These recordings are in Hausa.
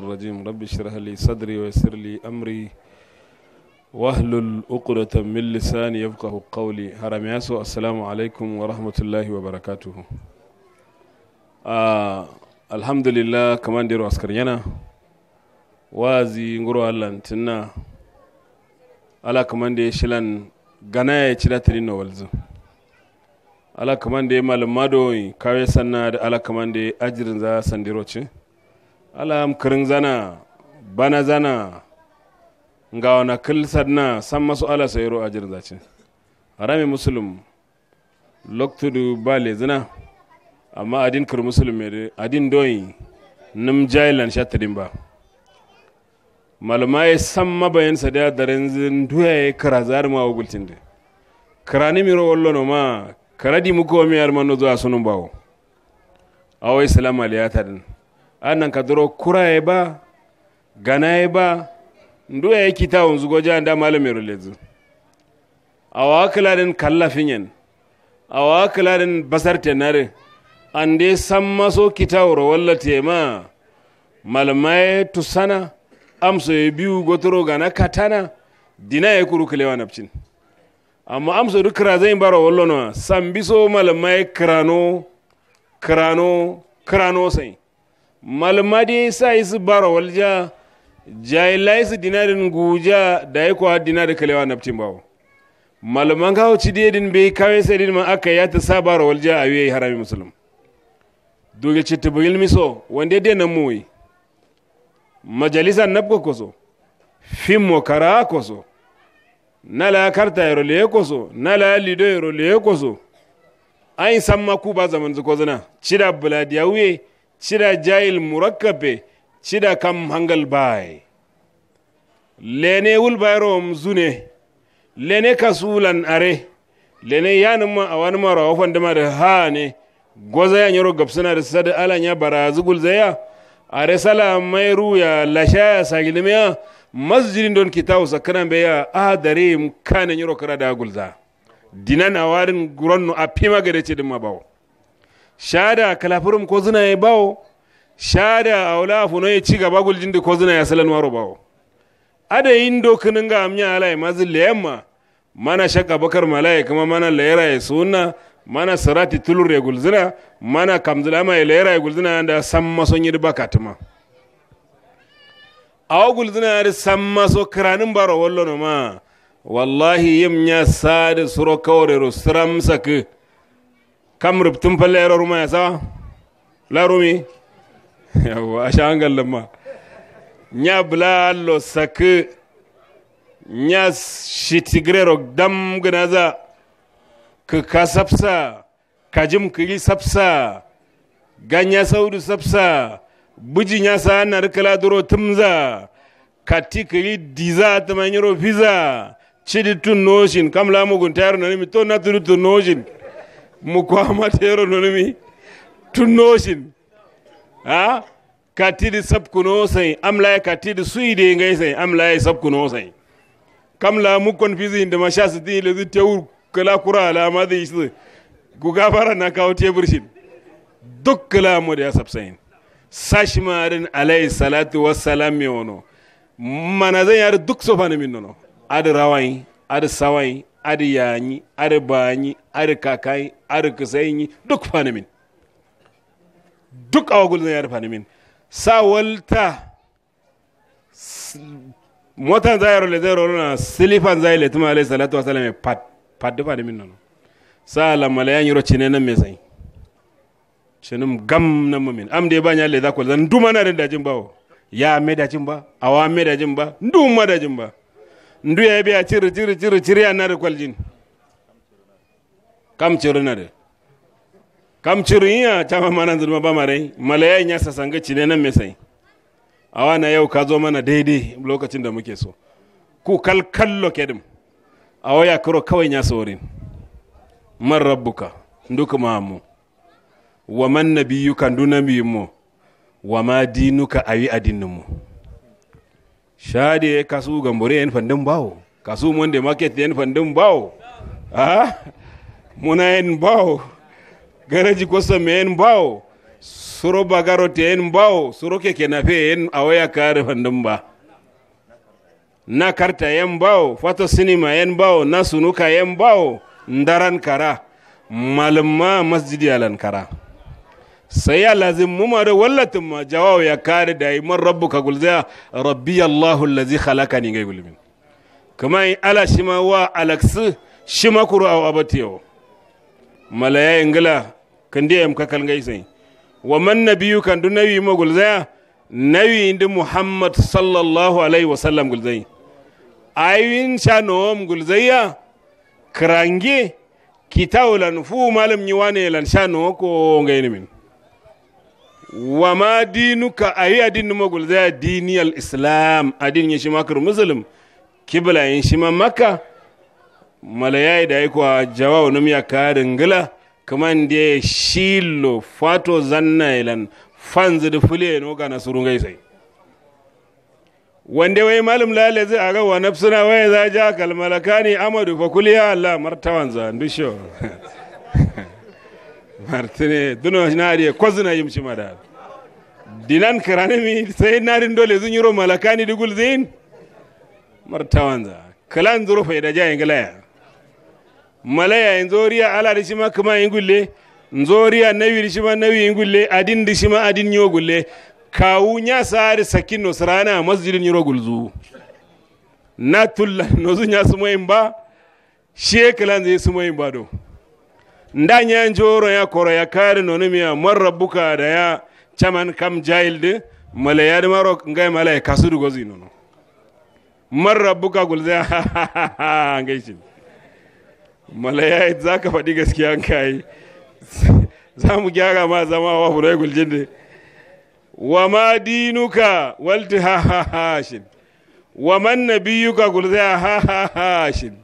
الرجيم رب اشرح لي صدري ويسر لي امري واحلل عقدة من لساني يفقه قولي حرام ياسو السلام عليكم ورحمة الله وبركاته آه الحمد لله كمان ديرو عسكرينا وازي نغرو الله انتنا على كمان دي شلان غناية چلا ترينو والزو على كمان دي مالمادو كاوي سنة على كمان دي أجرن ذا سنديرو alam kring zana bana zana nga wana kilsadna samma su ala sayro ajir zace harami muslim loktudu bale zina amma adin kir muslim mere adin doyi nim jailan shatadin ba malama ya e san mabayin sa da daren zin duya ya e kira zari ma wugultin da kara ni miro wallo no ma kara di muku wa miyar manu zuwa sunun bawo awai salamu aliyata duro kura kuraye ba ganaye ba ndu ya kita unzu goja da malami rulezu awa akaladen kalla finyen awa akaladen basar tenare ande san maso kita wuro walla tema tu sana amso ya biyu gotoro gana katana dina ya kuru kilewa napcin amma amso duk kira zai bara wallo san sambiso malamai kirano kirano kirano sai malmadi sais bara walja su dinarin guja da yi kuwa dinar kalewa fitin bawo malaman kawo ci din bai kawai sai din ma aka ya ta sa bara walja a yayi harami musulun doge ci tabayil so. wanda dai nan muyi majalisan nabko koso fim mo kara koso la karta yaro le koso la lido yaro le koso ayin samma ku ba zaman zuko zana cida buladiya wuye cida jayil murakkabe cida kam hangal bay lene wulbayrom zune lene kasulan are lene yanuma ha ne goza ya nyoro ala nya bara zugul zaya are sala mai mayruya lashaya sagilmiya masjidin don kitawu sakkana mbeya adarim kane nyoro da gulza dinan awarin guronno apima gade cedimma bawo shada kalafirum ko zina ya bawo shada a funo ya ci gaba da ko zina ya salan waro bawo ada yin dokinin ga amnya alai mazil yamma mana shakka bakar malai kuma mana layra ya sunna mana sarati tulur ya gulzina mana kamzulama ya layra ya gulzina da yi son yidi a wa gulzina ya samma so kiranin baro wallo ma wallahi yimnya sadi suro kawre ro sramsak kam rubtun falle yaro ruma ya sa larumi yawa a sha hangal lamma nya bla lo sak nya shitigrero dam gnaza ka ka sapsa kajim kiri sapsa ganya saudu sapsa buji nya sa na rikala duro tumza kati kiri diza tamanyiro visa chidi tun noshin kam la mugun tayar na ni to na tun noshin mo kwamatero nonmi tunnoshin ha katiɗi sapkuno sey amlaye katiɗi suyde ngay sey amlaye sabkuno sai kam la mukkon fisindema chasse di lesi tewur kala kura la ma madi ku gafara na kawo tebur shin duk kala mu da sab sai sashi marin alayhi salatu wassalam mi wono mana zan yar duk sofani min nono ad rawai ad sawai ar yañi ar bañi ar kakayi ar kisayi duk fanamin duk awa gulzan yar fanamin sa walta motan zayaro le zayaro na silifan zayi yi tuma alayhi salatu wasala mai pat pat du fanamin nono sa la malayan yiro cine nan me zai, cinum gam nan mumin am de banya le zakol zan duma na da jin bawo ya me da jin ba awa me da jin ba nduma da jin ba ndu ya biya ciri ciri ciri ciri yana da kwaljin kam ciri da kam ciri ya chama mana zurma ba mare malaya ya sasanga cine nan sai a na yau ka zo mana daidai lokacin da muke so ku kalkallo kedim a waya kuro kawai ya saurin man rabbuka nduka mamu wa man nabiyuka ndu nabiyin mu wa ma dinuka ayi adinnin mu shade kasu gambore yan fandin bawo kasu monde market yan fandin bawo a muna yan bawo garaji kosa me yan bawo suro bagaro te yan bawo suro keke na fe yan awaya kare fandin ba na karta yan bawo fato sinima yan bawo na sunuka yan bawo ndaran kara malumma masjidi alankara kara sai saya lazim mumare wallatin ma jawaw ya kare da iman rabbuka gulza rabbi allahu allazi khalaqani ngai gulmin kuma in ala shima wa alaksu shima kuru aw abatiyo malaya ingila kandi yam kakal ngai sai wa man nabiyyu kan du nawi mo gulza nawi indi muhammad sallallahu alaihi wasallam gulzai ayin shanom gulzaiya krange kitawlan fu malam nyiwane lan shano ko ngai min wa ma dinuka ayi adin numa gulza diniyal islam adin ya shima makar muslim kibla yin shima makka malayai da aiko jawawo num ya karin gila kaman de shilo fato zanna ilan fanzu da fule no gana nasurun gaisai wanda wai malum lale zai aga wa nafsuna wai za ja kalmalakani amadu fa kuliya allah martawan za martine duno naari kozna yim cimada dinan karanemi sai naari dole zun ro malakani digul zin martawanza kalan zuru fayda ja inglaya malaya inzoriya ala dishima kuma ingulle nzoriya nawi dishima nawi ingulle adin dishima adin nyogulle kawu nya sari sakin sarana masjidin yiro gulzu na nozu nya sumoyin ba shekalan zai sumoyin ba do ndanya njoro ya koro ya kare nonumi ya mor rabuka da ya caman kam jailde male ya maro ngai male kasudu gozi nono mor rabuka gulze ngai shi male ya za fadi gaskiya gaskiya kai za mu gyara ma zama wa furai guljinde wa ma dinuka walti ha ha ha shin wa man nabiyuka gulze ha ha ha shin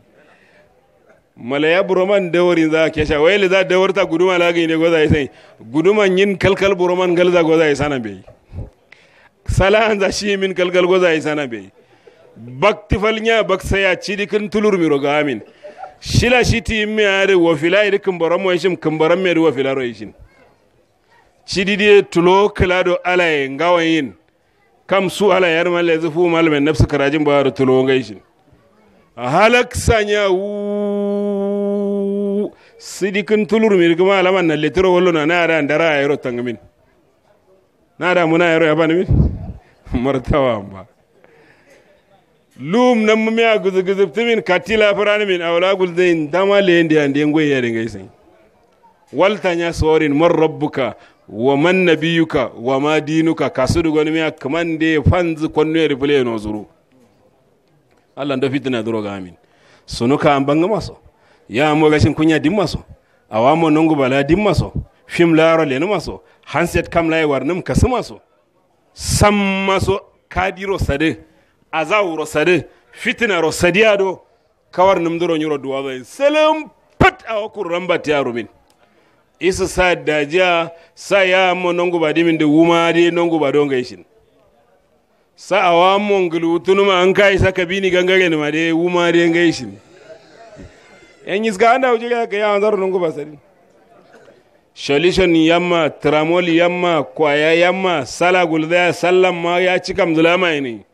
malaya buroman dawarin za kesha wai wayele za dawarta guduma lagi ne goza sai guduman yin kalkal buroman galza goza sana be salahan za shi min kalkal goza sana be bakti falnya bak saya cidi kin tulur miro amin shila shi ti mi are wa fila iri kin baram wa shim kin baram me wa fila ro cidi de tulo klado alaye ngawan kam su ala yar malle zufu malmen nafsu karajin ba tulo ngai shin halak sanya wu sidikin tulur mi kuma alaman na letiro wallo na nada ndara ayro na nada muna ayro yabani min martawa ba lum nam mi a guzu guzu timin katila farani min awla gulzain dama lendi ande ngoy yare ngai sai walta nya sorin mar rabbuka wa man nabiyuka wa ma dinuka kasudu goni mi akamande fanzu konno yare fule no zuru Allah ndo fitina duro amin sunuka ambanga maso ya mo gashin kunya dimmaso awamo nongu bala dimmaso fim laro lenumaso hanset kam lay e warnum kasumaso sammaso kadiro sade azawro sade fitina ro sadiado kawar duro nyuro duwado selam pat ramba tiaru min isa sa daja sa yamo nongu badimin de wumade nongu badonga ishin sa awamo ngulu tunuma kai sa kabini gangare ne made wuma ngai ishin enyisga anda ujiga ga ya anzaru nungu basari solution yamma tramol yamma kwaya yamma sala gulzaya sallan ma ya ci kam zulama ne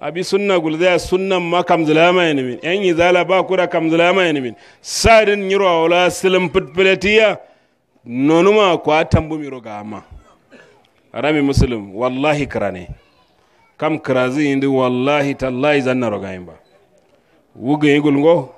abi sunna gulzaya sunnan ma kam zulama ne min en zala ba kura kam zulama ne min sadin yiro wala silim pitpiletiya nonuma kwa tambu miro amma rami muslim wallahi krane kam krazi indi wallahi tallahi zanna rogaimba wuga yigul ngo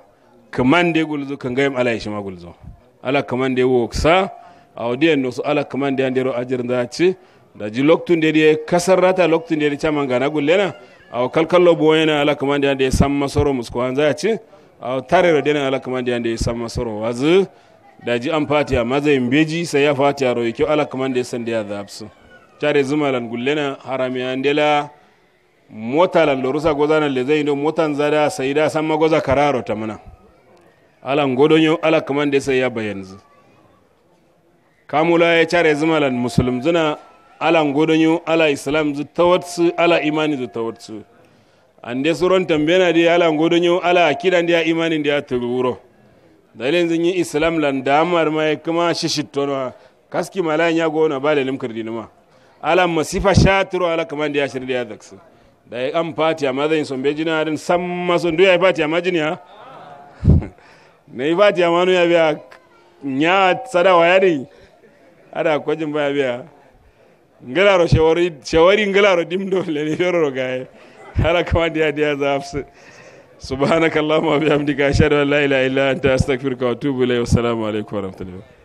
ya gulzo kan gayam ala ma gulzo ala kamande woksa awdiyan no nusu ala ya andero ajir da ci da ji loktun ya kasar rata loktun de chama gana gullena aw lobo yana ala kamande san samma soro musko hanza ci tare da de ala kamande ande san soro wazu da ji an fatiya maza yin beji sai ya fatiya roye kyau ala da ya san da ya zaɓsu tare zuma lan gullena harami ndela mota lan lorusa goza da le zai motan zada sai da san magoza kararo ta mana ala ngodonyo ala kamande sai ya bayanzu kamula ya chare zumalan muslim zuna ala ngodonyo ala islam zu tawatsu ala imani zu tawatsu ande suron tambena di ala ngodonyo ala akida ndi imani ndi atururo dalilin zinyi yi islam lan damar ma kuma shishitono kaski malayan ya gona bale da limkar ala masifa shatiro ala kamande ya shirdi ya daksu dai ya an fati so bejina din san maso ndu ya fati neivati yamwanu yavya nya tsada wayari ada kwajin ba yavya ngalaro shawari shawari ngelaro dimdo lele yororo gaye ala kwa dia dia za subhanakallahumma wa bihamdika ashhadu an la ilaha illa anta astaghfiruka wa atubu ilayk wassalamu alaykum wa rahmatullahi